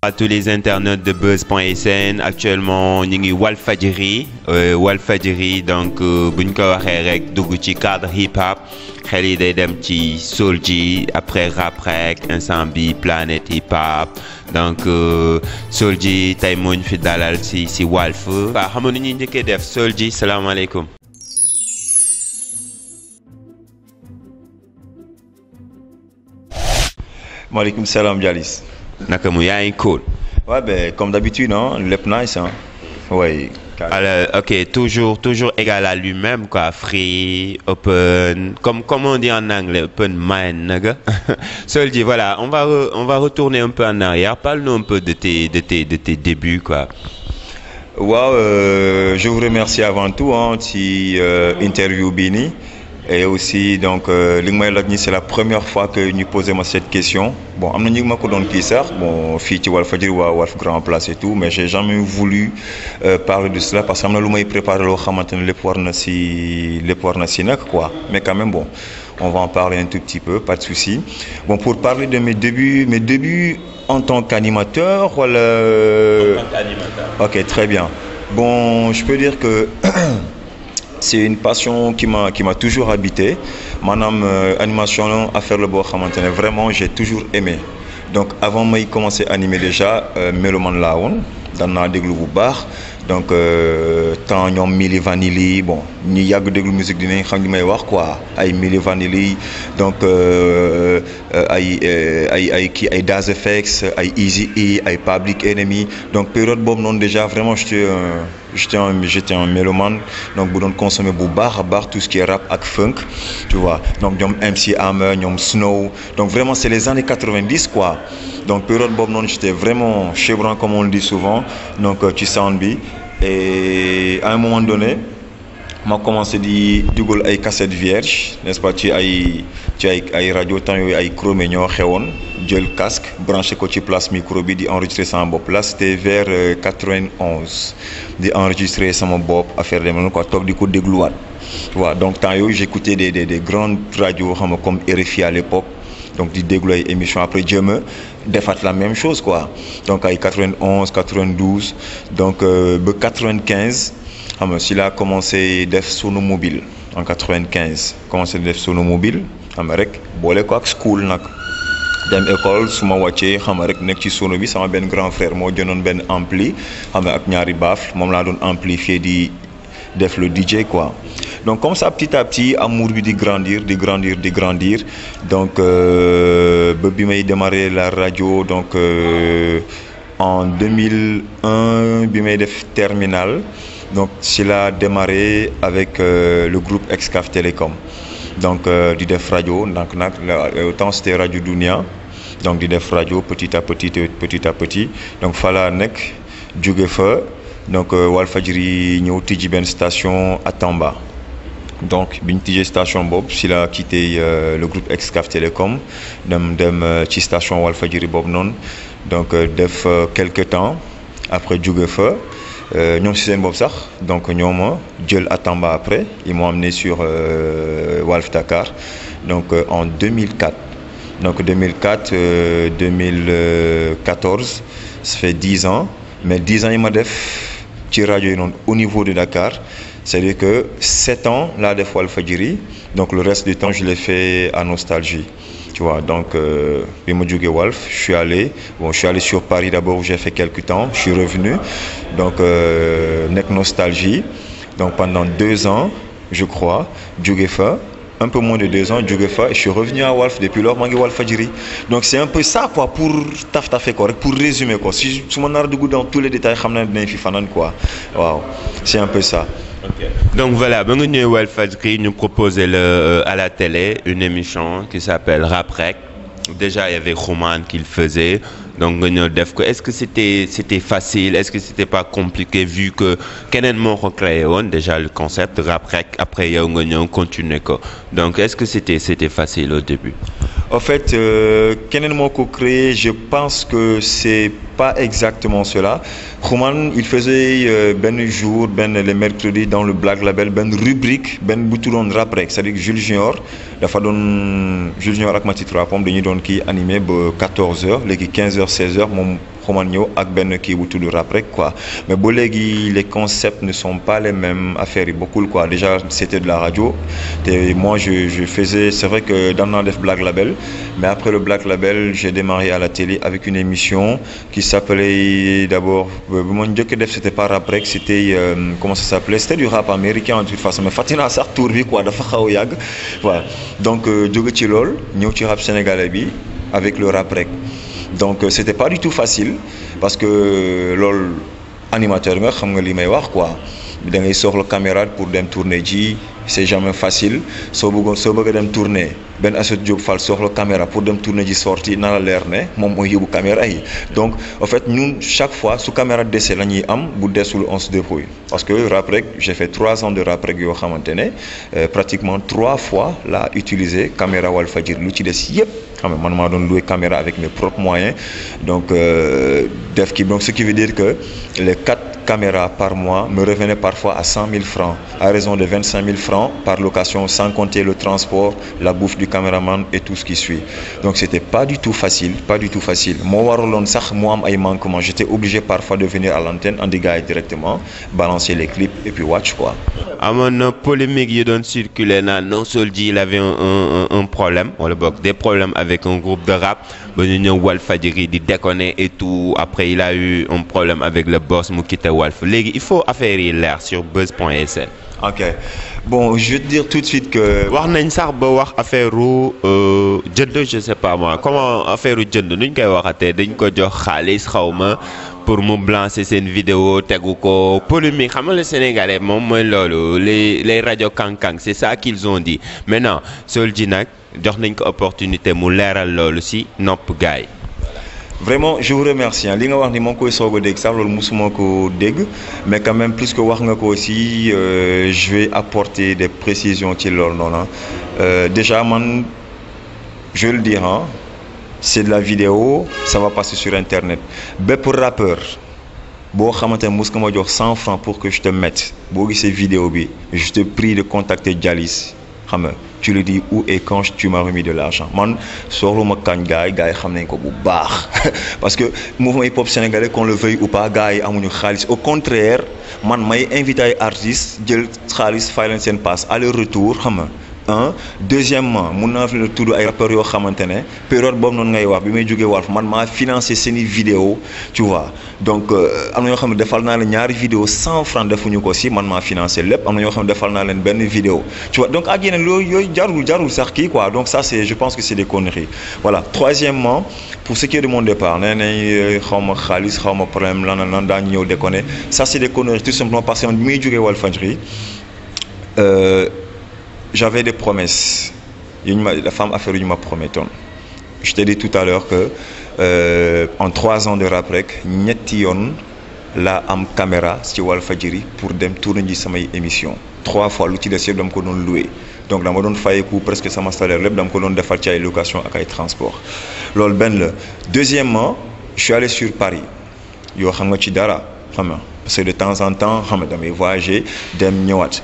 à tous les internautes de buzz.sn actuellement ñu ngi Walfadjri euh, Walfadjri donc euh, buñ ko waxé rek dugg ci cadre hip hop Khalid day dem ci après rap rek Planet bi hip hop donc Solji ji Fidalal, c'est fi dalal si si Walf. waaw xam nga def salam Jalis. Nakamouya un cool. Ouais, ben, comme d'habitude, hein, le nice. Hein. Ouais. Alors, ok, toujours, toujours égal à lui-même, quoi. Free, open, comme, comme on dit en anglais, open mind, Seul dit, voilà, on va, on va retourner un peu en arrière. Parle-nous un peu de tes, de tes, de tes débuts, quoi. Euh, je vous remercie avant tout, hein, petit euh, interview Bini et aussi donc euh, les c'est la première fois que nous posons cette question bon amna na mako ma ko bon fi ci Walfadjri wa Grand Place et tout mais j'ai jamais voulu euh, parler de cela parce que amna na lu may préparé loo les si quoi mais quand même bon on va en parler un tout petit peu pas de souci bon pour parler de mes débuts mes débuts en tant qu'animateur voilà en tant qu'animateur. ok très bien bon je peux dire que. c'est une passion qui m'a qui m'a toujours habité Je euh, animation à faire le le vraiment j'ai toujours aimé donc avant de commencer à animer déjà euh, Meloman Laon, woon dans naa déglu bu donc euh, temps Milli Vanilli bon ni yàgg de musique dinay xam li may wax quoi ay Vanilli donc ay ay ay ay Daz effects ay easy e Public Enemy donc période boobu non déjà vraiment j'étais j'étais un, j'étais un mélomane donc boudon consommait consommer de baax tout ce qui est rap et funk tu vois donc ñom MC Hammer ñom Snow donc vraiment c'est les années 90 quoi donc période Bob non j'étais vraiment chevron comme on le dit souvent donc tu euh, sound bi et à un moment donné ma commencé di dugal ay cassette vierge n'est-ce pas Tu ay une ay ay radio temps avec ay chromé ñoo casque branché ko ci place micro bi di enregistrer sama bob. là c'était vers 91 euh, di enregistré sama Bob. affaire de noonu quoi tu di ko donc j'écoutais des des grandes radios comme RFI à l'époque donc di déglu ay émission après Dieu a la même chose quoi donc ay 91 92 donc euh, be 95 xam nga si laa commencé def sunu mobile en 95 commencé def sunu mobile xam rek boole ko ak school nag dem école su ma wàccee xam rek nekk ci sono bi sama benn grand frère moo jëndoon benn ampli xam ak ñaari baaf moom laa doon amplifier di def le DJ quoi donc comme ça petit à petit amour bi di grandir di grandir di grandir donc euh, ba bi may démarré la radio donc. Euh, en 2001 BIMEDEF terminal donc a démarré avec euh, le groupe Excav Télécom euh, euh, donc di def Radio, donc, autant c'était Radio Dunia donc di Radio, petit à petit petit à petit donc Fala Nek, Djougefe. donc Walfadjri ñëw station Atamba donc binti ñu station bob a quitté euh, le groupe Excaf Télécom dem de euh, station Walfadjiri bob donc euh, def quelque temps après jóge nous ñoom si bob donc après ils m'ont amené sur Walf Dakar donc en 2004 donc 2004 2014 ça fait 10 ans mais 10 ans il ma def ci au niveau de Dakar. C'est-à-dire que 7 ans, là, des fois, le fajiri donc le reste du temps, je l'ai fait à nostalgie. Tu vois, donc, euh, Wolf, je suis allé. Bon, je suis allé sur Paris d'abord où j'ai fait quelques temps, je suis revenu. Donc, avec euh, Nostalgie. Donc, pendant deux ans, je crois, Djugefa, un peu moins de deux ans, et je suis revenu à Wolf depuis lors, Mangi Wolf Fadjiri. Donc c'est un peu ça, quoi, pour taf quoi, pour résumer, quoi. Si je suis dans tous les détails, je sais quoi. Waouh, c'est un peu ça. Donc voilà, ben nous Green nous proposait le, euh, à la télé une émission qui s'appelle Raprec. Déjà il y avait Roman qui le faisait. Donc est-ce que c'était c'était facile, est-ce que c'était pas compliqué vu que Kenen mon déjà le concept Raprec après il y a continué Donc est-ce que c'était c'était facile au début? En fait, euh, Moko créé, je pense que c'est pas exactement cela. Roman, il faisait euh, ben jour, ben les mercredis dans le Black Label, ben rubrique, ben de rap C'est-à-dire que Jules Junior, la fois Jules Junior avec ma titre rap, on qui animé 14h, les 15h, 16h, comme ñëw ak ben kii bu tudd rap rek quoi mais bo léegi les concepts ne sont pas les mêmes affaires Beaucoup quoi déjà c'était de la radio et moi je je faisais c'est vrai que dans Black Label mais après le Black Label j'ai démarré à la télé avec une émission qui s'appelait d'abord mon euh, ma def c'était pas rap rek c'était euh, comment ça s'appelait c'était du rap américain en toute façon mais Fatina naa sax tour quoi dafa xaw yag voilà donc euh, jóge ci lool ñëw ci rap sénégalais bi avec le rap rek donc euh, c'était pas du tout facile parce que l'animateur, animateur mais xam nga quoi caméra pour tourner tourner c'est jamais facile si vous voulez tourner ben Fall caméra pour dem tourner ji sortie dans la leer ne la caméra donc en fait nous chaque fois su caméra la caméra am bu desul on se parce que après, j'ai fait trois ans de rap euh, pratiquement trois fois utilisé la caméra Walfadjri lu ci des caméra avec mes propres moyens donc euh, donc ce qui veut dire que les quatre caméras par mois me revenaient parfois à 100 000 francs à raison de 25 000 francs par location, sans compter le transport, la bouffe du caméraman et tout ce qui suit. Donc c'était pas du tout facile, pas du tout facile. Moi, j'étais obligé parfois de venir à l'antenne en dégâts directement balancer les clips et puis watch quoi. À mon polémique non seulement il avait un un problème le des problèmes avec un groupe de rap Benigno déconner et tout après il a eu un problème avec le boss Mukita il faut affaire l'air sur buzz.sn ok bon je veux te dire tout de suite que. wax nañ sax ba wax affaire euh, je sais pas moi comment affaire jënd nuñ koy waxatee dañ ko jox xaalis xaw ma pour me blancer cette vidéo tegu ko polémique xam le sénégalais mon mon lolo les les kankang c'est ça qu'ils ont dit maintenant Soulji nag jox nañ ko opportunité mu lolo si non pas gaay vraiment je vous remercie hein. li nga wax ni maa ngi koy sax loolu que ko mais quand même plus que wax nga ko aussi euh, je vais apporter des précisions ci hein. euh, déjà man je le dire hein, c'est de la vidéo ça va passer sur internet Pour rappeur boo xamante ne mos jox 100 francs pour que je te mette boo cette vidéo bi je te prie de contacter Jalis xam tu lui dis où et quand tu m'as remis de l'argent man soxluma kañ gars yi gars ko bu baax parce que mouvement hip hop sénégalais qu'on le veuille ou pas gars a un au contraire man may invité artistes de ont fay leen seen passe leur retour xam un deuxièmement mon naa le la a ay rappeurs yoo xamante ne période boobu non ngay wax bi may man m'a financé ces vidéo tu vois donc euh, am na ñoo xam defal ñaari vidéo cent francs defuñu ko si man m'a financé lepp am na ñoo xam defal vidéo tu vois donc ak yeneen loolu yooyu jarul jarul sax ki quoi donc ça c'est je pense que c'est des conneries voilà troisièmement pour ce qui est de mon départ nee nañ euh, xawma ma xaalis problème lan lan daañu ñëw déconner ça c'est des conneries tout simplement parce que man bi wolf jógee euh j'avais des promesses. La femme a fait une prometton. Je t'ai dit tout à l'heure que euh, en trois ans de rap rek ñetti yoon laa am caméra ci Walfadjri pour dem tourner ji samay émission trois fois lu ci des que nous ko Donc la donc dama doon fayeku presque sama salaire lépp dama ko doon defal ci ay location ak ay transport Lol ben le. deuxièmement je suis allé sur Paris Yo xam nga ci dara xam nga parce que de temps en temps xam nga damay voyager dem ñëwaat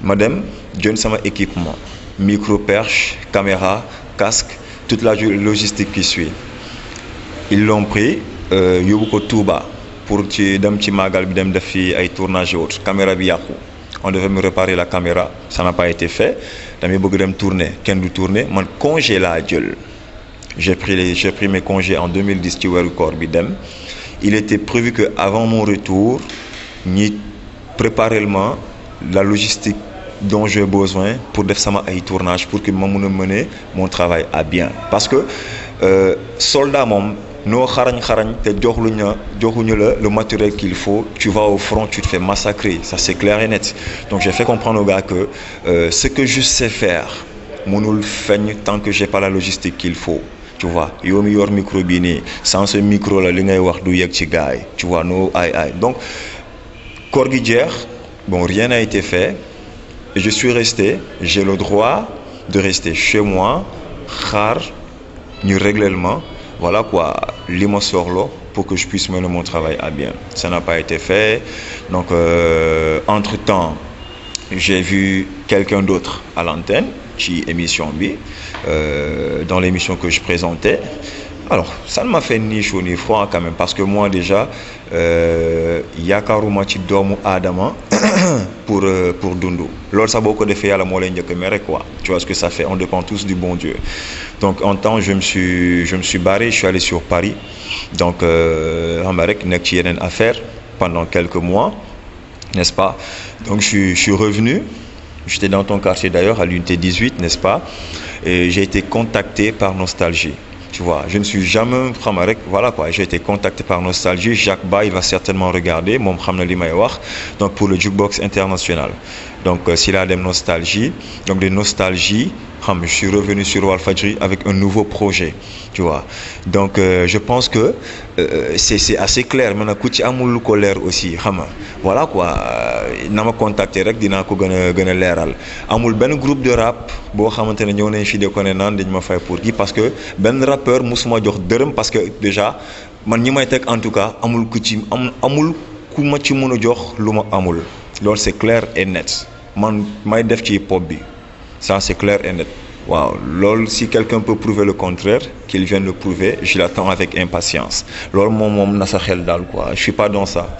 Madame, dem jënd sama équipement micro perche caméra casque toute la logistique qui suit ils l'ont pris euh, yóbbu ko Touba pour ci dem ci que bi dem def fi ay tournage autre caméra bi on devait me réparer la caméra ça n'a pas été fait dami beug dem tourner ken du tourner man congé la jël j'ai pris j'ai pris mes congés en 2010 ci koor bi il était prévu que avant mon retour ni préparer la logistique dont j'ai besoin pour faire sama tournage pour que je puisse mener mon travail à bien parce que euh, soldat nous no le matériel qu'il faut tu vas au front tu te fais massacrer ça c'est clair et net donc j'ai fait comprendre aux gars que euh, ce que je sais faire le pas tant que je n'ai pas la logistique qu'il faut tu vois yomi yor micro sans ce micro là li ngay wax tu vois no aïe aïe donc bon rien n'a été fait je suis resté, j'ai le droit de rester chez moi, rare, nu règlement. Voilà quoi, l'immense là pour que je puisse mener mon travail à bien. Ça n'a pas été fait. Donc, euh, entre-temps, j'ai vu quelqu'un d'autre à l'antenne, qui émission B, euh, dans l'émission que je présentais. Alors, ça ne m'a fait ni chaud ni froid quand même, parce que moi déjà, euh, a ci doomu Adama pour euh, pour Dundu. Lors ça de beaucoup à la quoi tu vois ce que ça fait on dépend tous du bon Dieu donc en temps je me suis je me suis barré je suis allé sur Paris donc euh, en il affaire pendant quelques mois n'est-ce pas donc je je suis revenu j'étais dans ton quartier d'ailleurs à l'unité 18 n'est-ce pas et j'ai été contacté par Nostalgie tu vois, je ne suis jamais Framarek. Voilà quoi, j'ai été contacté par Nostalgie. Jacques Ba, va certainement regarder. Mon Donc pour le jukebox international. Donc euh, s'il a des nostalgies, donc des nostalgies. Ah, je suis revenu sur Walfadri avec un nouveau projet, tu vois. Donc, euh, je pense que euh, c'est assez clair. Maintenant, Kouti Amoul colère aussi, Voilà quoi. Je euh, m'a contacté, je dina ko gëna gëna léral amul ben groupe de rap bo xamantene ñëw nañ fi de ko né nan dañ ma fay pour gi parce que ben rappeur musuma jox dërëm parce que déjà man ñi may tek en tout cas amul ku ci amul ku ma ci mëna jox luma amul lool c'est clair et net man may def ci hip hop bi ça, c'est clair et net. Wow. si quelqu'un peut prouver le contraire, qu'il vienne le prouver, je l'attends avec impatience. Je mon Je suis pas dans ça.